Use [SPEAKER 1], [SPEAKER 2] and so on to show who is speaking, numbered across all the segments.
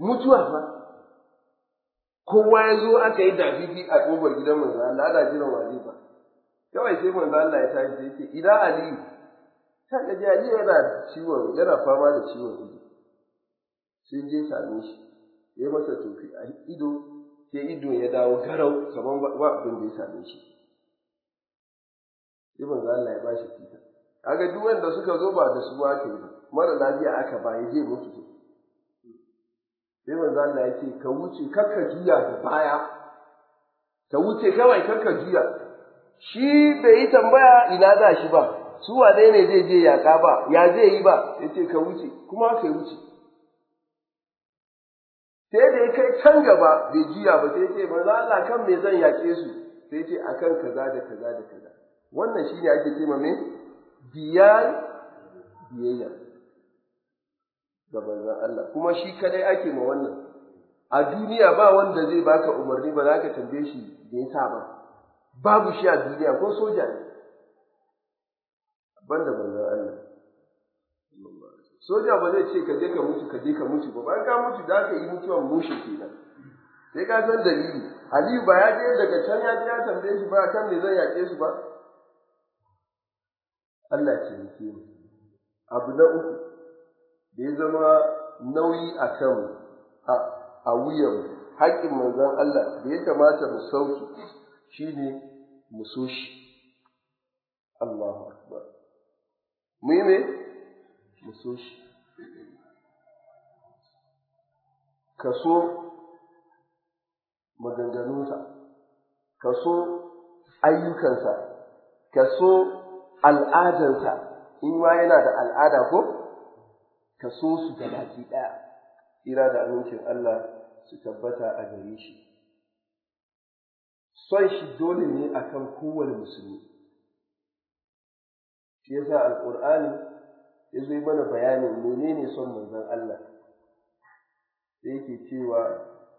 [SPEAKER 1] mutuwa fa kowa ya zo aka yi dabibi a kofar gidan manzo Allah ana jiran waje ba kawai sai manzo Allah ya tashi sai yake ila ali ta ga ali yana ciwon yana fama da ciwon ido sai je same shi ya masa tofi a ido sai ido ya dawo garau kamar ba abin da ya same shi sai manzo Allah ya bashi kita kaga duk wanda suka zo ba da su ake ba mara lafiya aka ba ya je mutu sai manzo Allah ya ce ka wuce karka juya da baya ka wuce kawai karka juya shi bai yi tambaya ina za shi ba su wane ne zai je yaka ba ya zai yi ba yace ka wuce kuma ka wuce sai da ya kai can gaba bai juya ba sai ce manzo Allah kan me zan yake su sai ce akan kaza da kaza da kaza wannan shine ake cewa me biyar biyayya da manzon Allah kuma shi kadai ake ma wannan a duniya ba wanda zai baka umarni ba za ka tambaye shi da ya sa ba babu shi a duniya ko soja ne banda manzon Allah soja ba zai ce ka je ka mutu ka je ka mutu ba bayan ka mutu da ka yi mutuwan mushe kenan sai ka san dalili Aliyu ba ya je daga can ya ya tambaye shi ba kan me zai yaƙe su ba Allah ce ke abu na uku da ya zama nauyi a kan a wuyan haƙƙin manzan Allah da ya kamata mu sauki shi mu so shi Allahu akbar mu yi ne mu so shi ka so maganganunsa, ka so ayyukansa, ka so al'adansa, in ma yana da al'ada ko? ka so su ga baki ɗaya Ira da amincin Allah su tabbata a gare shi son shi dole ne akan kowane musulmi shi yasa alqur'ani ya zo mana bayanin munene son manzon Allah sai yake cewa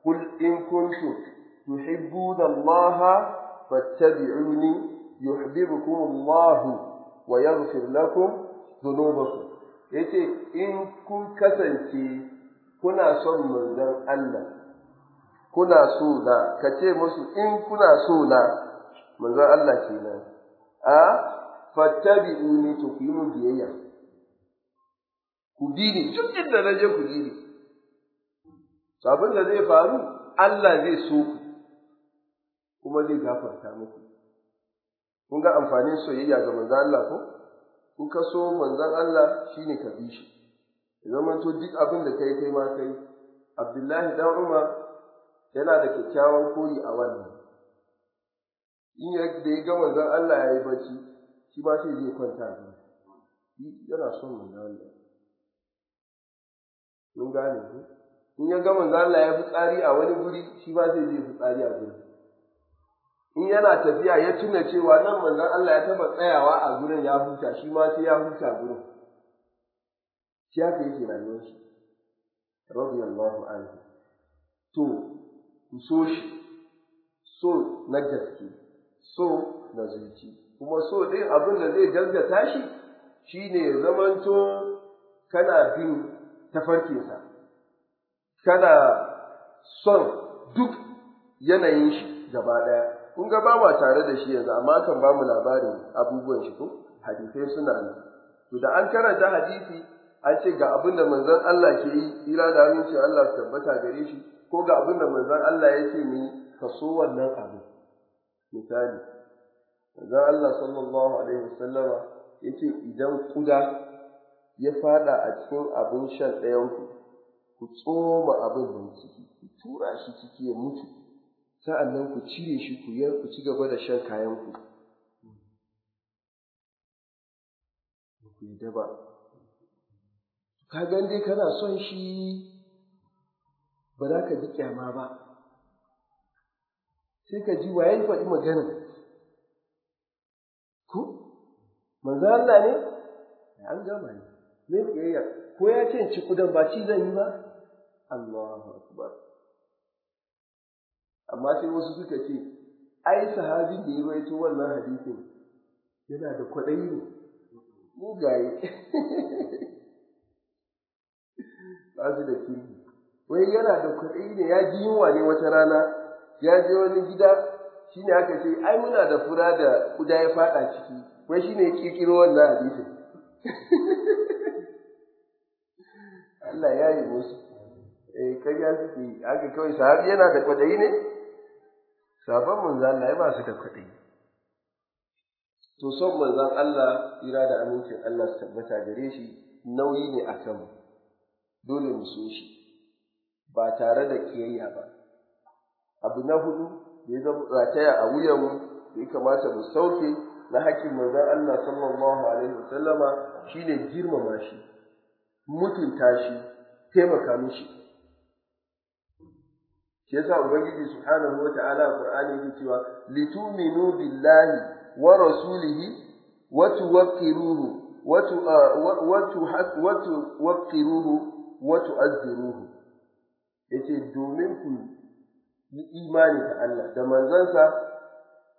[SPEAKER 1] kul in kuntum tuhibbuna Allah fattabi'uni yuhibbukum Allahu! wa yaghfir lakum dhunubakum Yace in kun kasance kuna son manzon Allah kuna so na ka ce musu in kuna so na manzon Allah kenan a fattabi ni to ku yi mun biyayya ku bi ni duk inda na je ku bi ni da zai faru Allah zai so ku kuma zai gafarta muku kun ga amfanin soyayya ga manzon Allah ko in ka so manzan Allah ne ka bi shi zaman to duk abin da yi kai ma kai Abdullahi dan Umar yana da kyakkyawan koyi a wannan in da ya ga manzan Allah ya yi bacci shi ba sai zai kwanta yana son manzan Allah mun gane ku in ya ga manzan Allah ya fi tsari a wani guri shi ba sai zai fi tsari a guri in yana tafiya ya tuna cewa nan manzon Allah ya taba tsayawa a gurin ya huta shi ma sai ya huta gurin shi haka yake rayuwar shi radiyallahu anhu to ku so shi so na gaske so na zuci kuma so din abin da zai gaskata shi shine ya zamanto kana bin tafarkinsa kana son duk yanayin shi gaba ɗaya kun ga ba tare da shi yanzu amma kan ba mu labarin abubuwan shi ko hadisai suna nan to da an karanta hadisi an ce ga abin da manzon Allah ke yi ira da ce Allah su tabbata gare shi ko ga abin da manzon Allah ya ce ni ka so wannan abu misali manzon Allah sallallahu alaihi wasallama yace idan kuda ya fada a cikin abin shan ɗayan ku ku tsoma abin da ciki ku tura shi ciki ya mutu sa'an nan ku cire shi ku yar ku ci gaba da shan kayan ku ku yi daba ka gan dai kana son shi ba za ka ji kyama ba sai ka ji waye faɗi magana Ku? manzo Allah ne an gama ne me yayya? ko ya ce ci kudan ba ci zan yi ba Allahu akbar amma sai wasu suka ce ai sahabin da ya rawaito wannan hadisin yana da kwaɗayi ne mugaye ba su da kirki wai yana da kwaɗayi ne ya ji yunwa ne wata rana ya je wani gida shi ne aka ce ai muna da fura da kuda ya faɗa ciki wai shi ne kirkiro wannan hadisin Allah ya yi musu eh ya suke aka kawai sahabi yana da kwaɗayi ne sabon manzan Allah ya ba su da kuɗi to son manzan Allah ira da amincin Allah su tabbata gare shi nauyi ne a kanmu dole mu so shi ba tare da kiyayya ba abu na hudu da ya zama rataya a wuyanmu da ya kamata mu sauke na hakkin manzan Allah sallallahu alaihi shi ne girmama shi mutunta shi taimaka mishi shi yasa ubangiji subhanahu ta'ala a qur'ani yake cewa lituminu billahi wa rasulihi wa tuwaqqiruhu wa tu wa tuwaqqiruhu wa tu'azziruhu yace domin ku yi imani da Allah da manzansa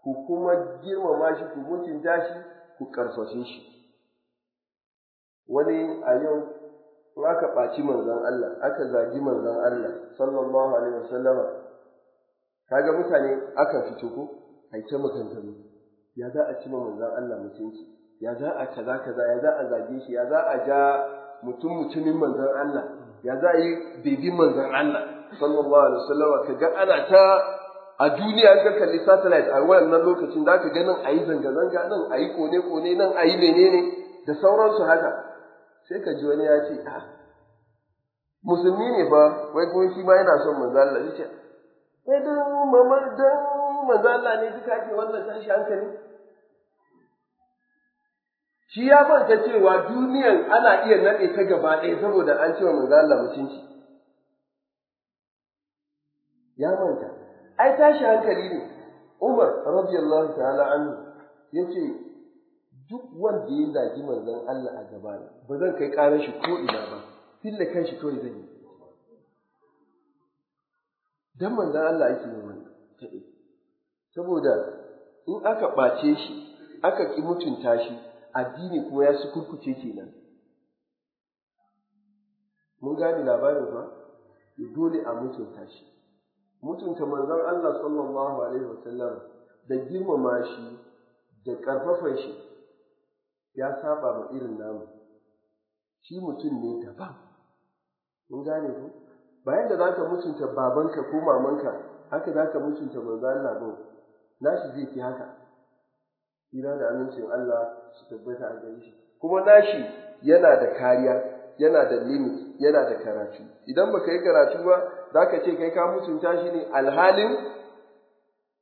[SPEAKER 1] ku kuma girmama shi ku mutunta shi ku karfashe shi wani a yau in aka ɓaci manzon Allah aka zagi manzon Allah sallallahu alaihi wasallam kaga mutane aka fito ko ai ta mutuntun ya za a cima manzon Allah mutunci ya za a kaza kaza ya za a zage shi ya za a ja mutum mutumin manzon Allah ya za a yi bebin manzon Allah sallallahu alaihi wasallam kaga ana ta a duniya an kalli satellite a wannan lokacin za ka ga nan a yi zanga-zanga nan a yi kone-kone nan a yi menene da sauransu haka sai ka ji wani ya ce a ah, musulmi ne ba wai kuma shi ba yana son manzo Allah zai ce sai dan mamar dan manzo Allah ne duka ake wannan tashi hankali shi ya manta cewa duniyan ana iya nade ta gaba ɗaya saboda an cewa manzo Allah mutunci ya manta ai tashi hankali ne Umar radiyallahu ta'ala anhu yace duk wanda ya zagi manzon Allah a gaba gabana ba zan kai ƙarar shi ko ina ba fille kanshi kawai zan yi dan manzon Allah yake yin wannan saboda in aka ɓace shi aka ki mutunta shi addini kuma ya su kurkuce kenan mun gane labarin ba ya dole a mutunta shi mutunta manzon Allah sallallahu alaihi wasallam da girmama shi da ƙarfafan shi ya saba ma irin namu shi mutum ne daban mun gane ba bayan da ka mutunta babanka ko mamanka haka za ka mutunta manzo Allah ba nashi zai fi haka ina da amincin Allah su tabbata a gare shi kuma nashi yana da kariya yana da limit yana da karatu idan baka yi karatu ba ka ce kai ka mutunta shi ne alhalin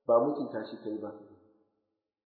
[SPEAKER 1] ba mutunta shi kai ba